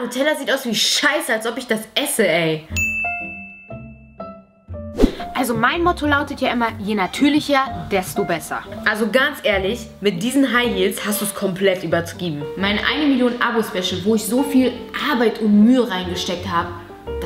Nutella sieht aus wie Scheiße, als ob ich das esse, ey. Also mein Motto lautet ja immer, je natürlicher, desto besser. Also ganz ehrlich, mit diesen High Heels hast du es komplett übertrieben. Mein 1 Million Abo-Special, wo ich so viel Arbeit und Mühe reingesteckt habe,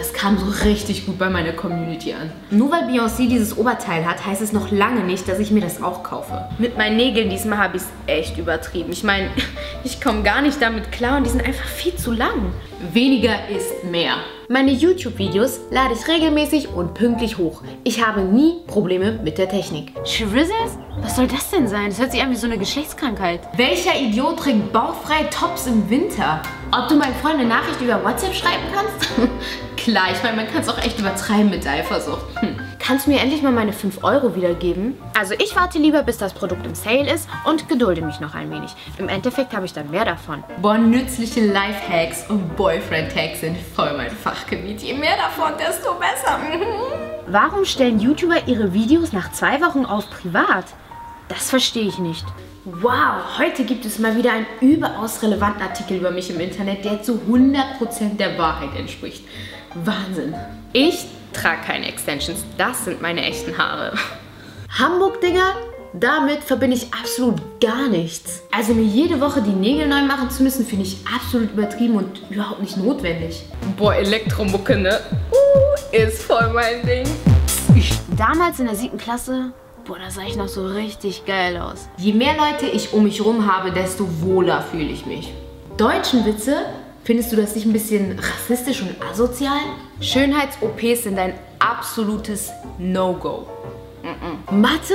das kam so richtig gut bei meiner Community an. Nur weil Beyoncé dieses Oberteil hat, heißt es noch lange nicht, dass ich mir das auch kaufe. Mit meinen Nägeln diesmal habe ich es echt übertrieben. Ich meine, ich komme gar nicht damit klar und die sind einfach viel zu lang. Weniger ist mehr. Meine YouTube-Videos lade ich regelmäßig und pünktlich hoch. Ich habe nie Probleme mit der Technik. Shrizzles? Was soll das denn sein? Das hört sich an wie so eine Geschlechtskrankheit. Welcher Idiot trägt bauchfrei Tops im Winter? Ob du meinen Freund eine Nachricht über WhatsApp schreiben kannst? klar. Ich meine, man kann es auch echt übertreiben mit Eifersucht. Hm. Kannst du mir endlich mal meine 5 Euro wiedergeben? Also ich warte lieber, bis das Produkt im Sale ist und gedulde mich noch ein wenig. Im Endeffekt habe ich dann mehr davon. Boah, nützliche Lifehacks und Boyfriend-Hacks sind voll mein Fachgebiet. Je mehr davon, desto besser. Mhm. Warum stellen YouTuber ihre Videos nach zwei Wochen auf privat? Das verstehe ich nicht. Wow, heute gibt es mal wieder einen überaus relevanten Artikel über mich im Internet, der zu 100% der Wahrheit entspricht. Wahnsinn. Ich trage keine Extensions. Das sind meine echten Haare. Hamburg, Digga? Damit verbinde ich absolut gar nichts. Also mir jede Woche die Nägel neu machen zu müssen, finde ich absolut übertrieben und überhaupt nicht notwendig. Boah, Elektromucke, ne? Uh, ist voll mein Ding. Damals in der siebten Klasse Boah, das sah ich noch so richtig geil aus. Je mehr Leute ich um mich rum habe, desto wohler fühle ich mich. Deutschen Witze, findest du das nicht ein bisschen rassistisch und asozial? Schönheits-OPs sind ein absolutes No-Go. Mathe?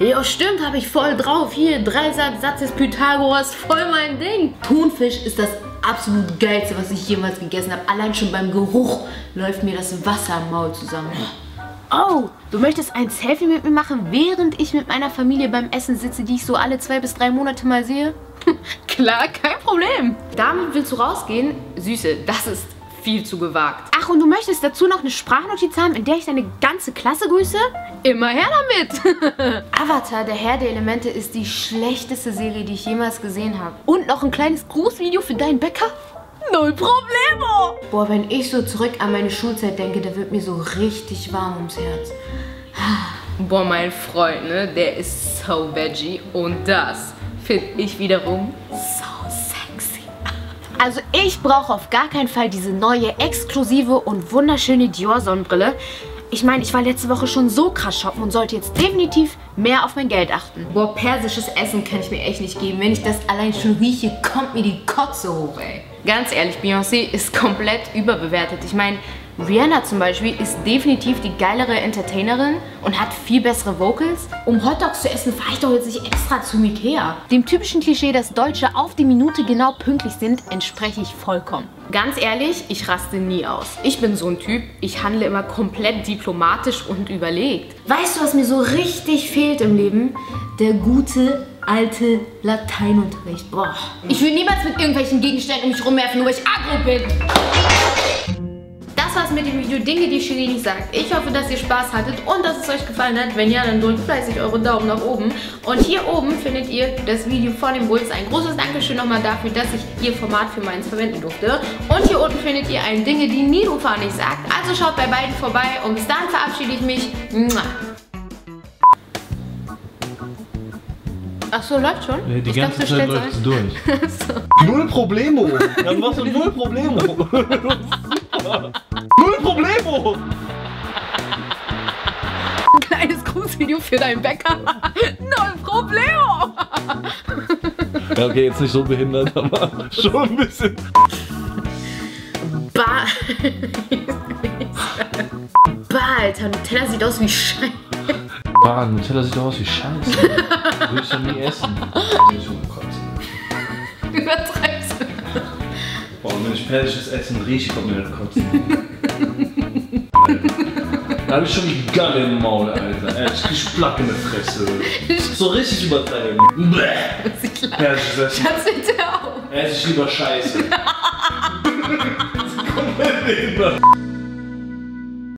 Ja, stimmt, habe ich voll drauf. Hier, Dreisatz, Satz des Pythagoras, voll mein Ding. Thunfisch ist das absolut geilste, was ich jemals gegessen habe. Allein schon beim Geruch läuft mir das Wasser im Maul zusammen. Oh, du möchtest ein Selfie mit mir machen, während ich mit meiner Familie beim Essen sitze, die ich so alle zwei bis drei Monate mal sehe? Klar, kein Problem. Damit willst du rausgehen? Süße, das ist viel zu gewagt. Ach, und du möchtest dazu noch eine Sprachnotiz haben, in der ich deine ganze Klasse grüße? Immer her damit! Avatar, der Herr der Elemente, ist die schlechteste Serie, die ich jemals gesehen habe. Und noch ein kleines Grußvideo für deinen Bäcker? Null Problemo! Boah, wenn ich so zurück an meine Schulzeit denke, da wird mir so richtig warm ums Herz. Boah, mein Freund, ne, der ist so veggie und das finde ich wiederum so sexy. Also ich brauche auf gar keinen Fall diese neue, exklusive und wunderschöne Dior-Sonnenbrille. Ich meine, ich war letzte Woche schon so krass shoppen und sollte jetzt definitiv mehr auf mein Geld achten. Boah, persisches Essen kann ich mir echt nicht geben. Wenn ich das allein schon rieche, kommt mir die Kotze hoch, ey. Ganz ehrlich, Beyoncé ist komplett überbewertet. Ich meine, Rihanna zum Beispiel ist definitiv die geilere Entertainerin und hat viel bessere Vocals. Um Hotdogs zu essen, fahre ich doch jetzt nicht extra zu Ikea. Dem typischen Klischee, dass Deutsche auf die Minute genau pünktlich sind, entspreche ich vollkommen. Ganz ehrlich, ich raste nie aus. Ich bin so ein Typ, ich handle immer komplett diplomatisch und überlegt. Weißt du, was mir so richtig fehlt im Leben? Der gute alte Lateinunterricht. Boah. Ich will niemals mit irgendwelchen Gegenständen um mich rumwerfen, nur weil ich aggro bin war's mit dem Video Dinge, die Shirini sagt. Ich hoffe, dass ihr Spaß hattet und dass es euch gefallen hat. Wenn ja, dann drückt fleißig eure Daumen nach oben. Und hier oben findet ihr das Video von dem Bulls. Ein großes Dankeschön nochmal dafür, dass ich ihr Format für meins verwenden durfte. Und hier unten findet ihr ein Dinge, die Nirufa nicht sagt. Also schaut bei beiden vorbei und bis dann verabschiede ich mich. Ach so, läuft schon? Nee, die ich ganze dachte, Zeit läuft durch. so. Null Problemo. Dann machst du null Problemo. Null Problemo! Ein kleines Grußvideo für deinen Bäcker. Null Problemo! ja, okay, jetzt nicht so behindert, aber schon ein bisschen. Bah. bah, Alter, Nutella sieht aus wie Scheiße. Bah, Nutella sieht aus wie Scheiße. Würde ich doch nie essen. Oh Übertreib Boah, wenn ich persisches Essen rieche, kommt mir das Kotzen. da hab ich schon die Galle im Maul, Alter. ich krieg Plack in der Fresse. So richtig übertreiben. Bäh. Persisches Essen. Das sieht ja auch. Ess ich lieber Scheiße. komplett